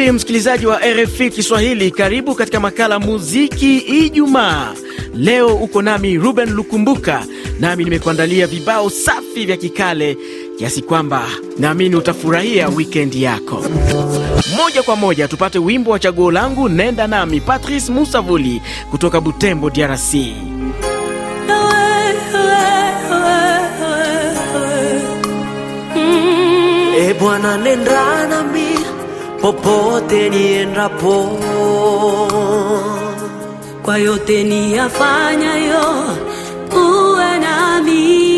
vipi msikilizaji wa RFI Kiswahili, karibu katika makala muziki Ijumaa. Leo uko nami Ruben Lukumbuka, nami nimekuandalia vibao safi vya kikale kiasi kwamba naamini utafurahia wikendi yako. Moja kwa moja tupate wimbo wa chaguo langu, nenda nami, Patrice Musavuli kutoka Butembo, DRC. Eh, Bwana, nenda nami popote niendapo, kwa yote niyafanyayo uwe nami.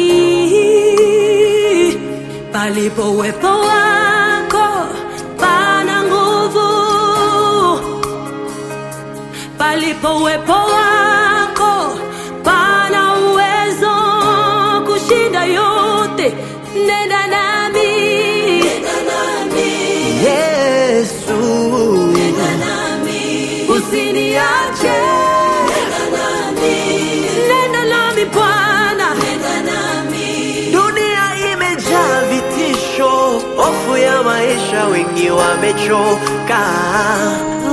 Palipo uwepo wako pana nguvu, palipo uwepo wako wengi wamechoka,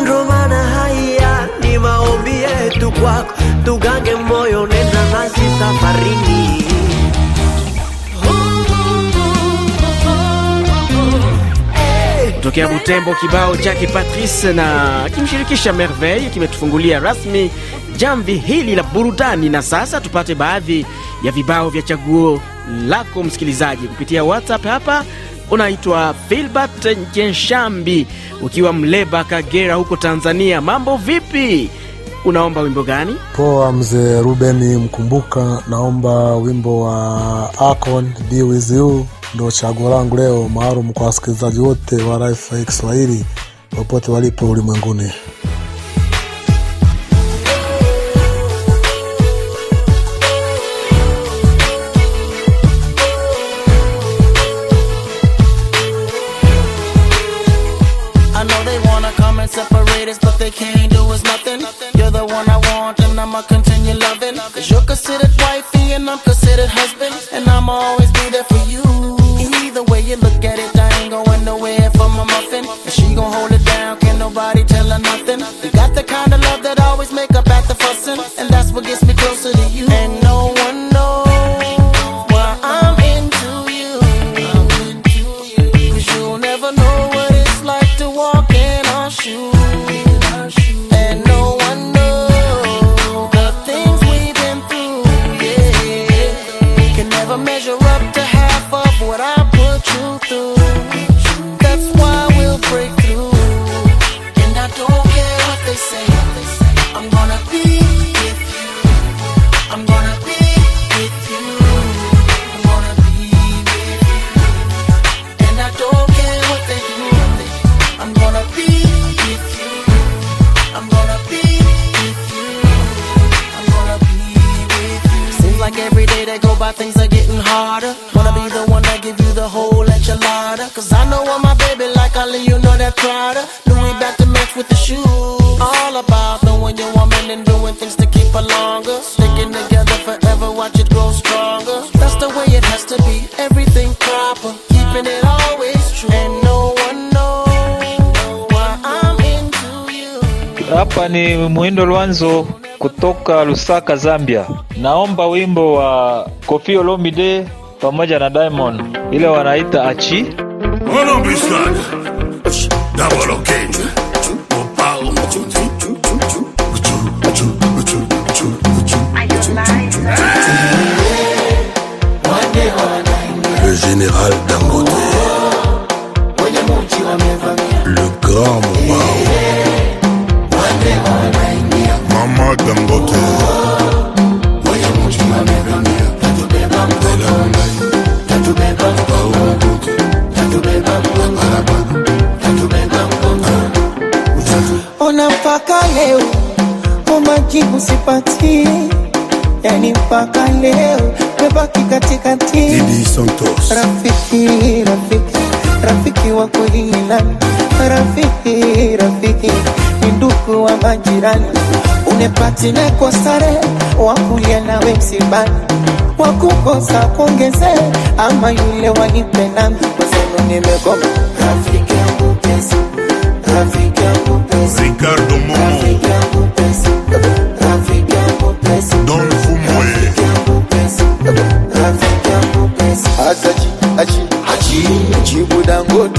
ndo maana haya ni maombi yetu kwako, tugange moyo, nenda nasi safarini. Tokea Butembo, kibao chake Patrice na akimshirikisha Merveille kimetufungulia rasmi jamvi hili la burudani. Na sasa tupate baadhi ya vibao vya chaguo lako msikilizaji kupitia WhatsApp hapa unaitwa Filbert Jenshambi ukiwa Mleba, Kagera huko Tanzania. Mambo vipi? Unaomba wimbo gani? Poa mzee Ruben Mkumbuka, naomba wimbo wa Akon Be With You, ndo chaguo langu leo maalum kwa wasikilizaji wote wa RFI Kiswahili popote walipo ulimwenguni. i continue loving. Cause you're considered wifey and I'm considered husband. And I'ma always be there for you. Either way you look at it, I ain't going nowhere for my muffin. And she gon' hold it down, can not nobody tell her nothing. harder Wanna be the one that give you the whole enchilada Cause I know I'm my baby like Ali, you know that Prada Louis back to match with the shoes All about knowing your woman and doing things to keep her longer Sticking together forever, watch it grow stronger That's the way it has to be, everything proper Keeping it always true And no one knows why I'm into you Hapa ni Lwanzo kutoka Lusaka, Zambia. Naomba wimbo wa Koffi Olomide pamoja na Diamond, ile wanaita achi Le Dangote, le grand wow. Ona mpaka leo Kwa sipati Yani mpaka leo Mebaki katikati Rafiki, rafiki Rafiki wa kweli ni Rafiki, rafiki mfinduko wa majirani, unepatile kwa sare wakulia nawe msibani, wakukosa kuongeze ama yule wanipe nami kwazenu nimegoma. Rafiki yangu pesa, rafiki yangu pesa, Ricardo Momo, rafiki yangu pesa, rafiki yangu pesa, Don Fumwe, rafiki yangu pesa, rafiki yangu pesa, achi achi achi, jibu Dangote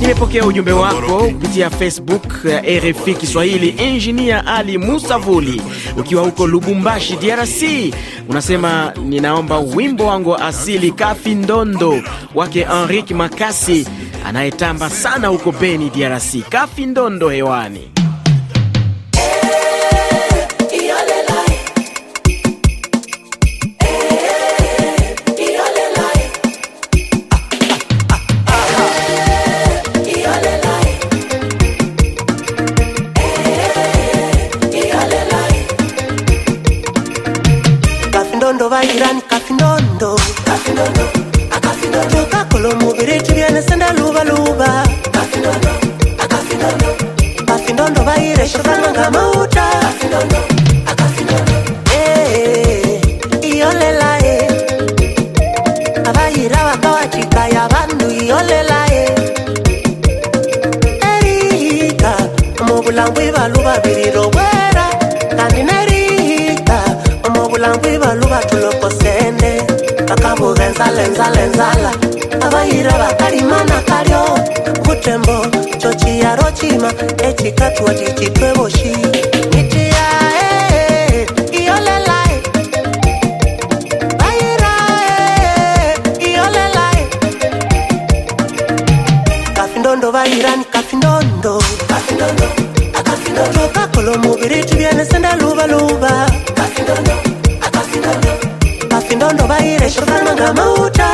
Nimepokea ujumbe wako kupitia Facebook ya RFI Kiswahili. Engineer Ali Musavuli, ukiwa huko Lubumbashi DRC, unasema ninaomba wimbo wangu wa asili Kafi Ndondo wake Henrik Makasi anayetamba sana huko Beni DRC. Kafi Ndondo hewani. kulumuviri tugyenesenda lubaluba bafindondo bayireshefanga ngamauta iyolelae abayira bakawacikaya bandu iyolelae erihika omubulangwi balu babiriro bwera kandi nerihika omubulangwi balu batulokosa nzala nzala nzala abayira bakalimana kalyo butembo kyo kiyalo kima ekikatwa kikitweboshi akafindondo vaire shofana mauta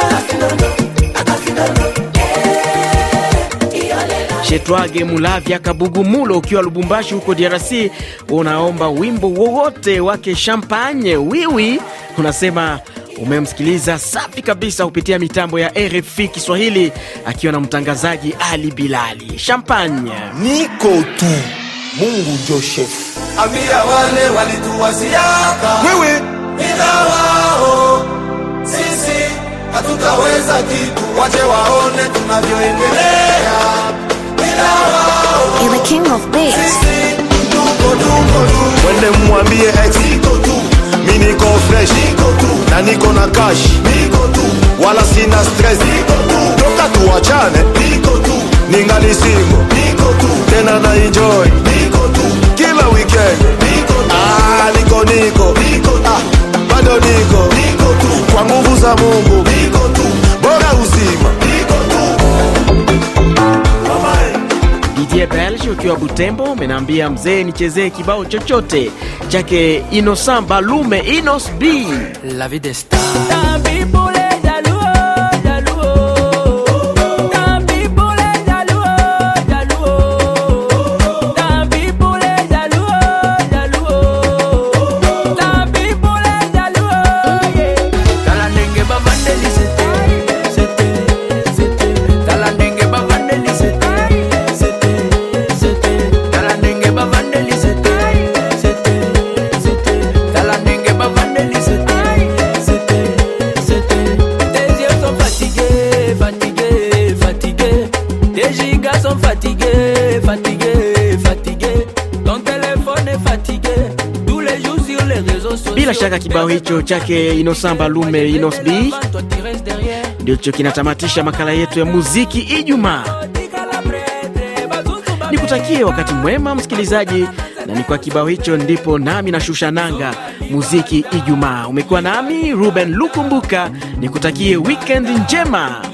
Shetwage Mulavya Kabugumulo, ukiwa Lubumbashi huko DRC, unaomba wimbo wowote wake Champagne Wiwi. Unasema umemsikiliza safi kabisa kupitia mitambo ya RFI Kiswahili, akiwa na mtangazaji Ali Bilali. Champagne niko tu Mungu Joseph, ambia wale walituwasiaka ila wao sisi hatutaweza kitu, wache waone tunavyoendelea bila wao sisi tuko tuko tu. Wende mwambie ex niko tu, mi niko fresh niko tu, na niko na cash niko tu, wala sina stress niko tu, toka tuachane niko tu, ningali single niko tu, tena na enjoy niko tu, kila weekend wa Butembo amenaambia mzee, nichezee kibao chochote chake Inosamba Lume Inos B. La vida está fatigué, fatigué, Ton téléphone est fatigué. Tous les jours sur les réseaux sociaux. Bila shaka kibao hicho chake Inosamba Lume Ndio ndicho kinatamatisha makala yetu ya muziki Ijumaa. Nikutakie wakati mwema msikilizaji, na ni kwa kibao hicho ndipo nami nashusha nanga muziki Ijumaa. Umekuwa nami Ruben Lukumbuka, nikutakie wikendi njema.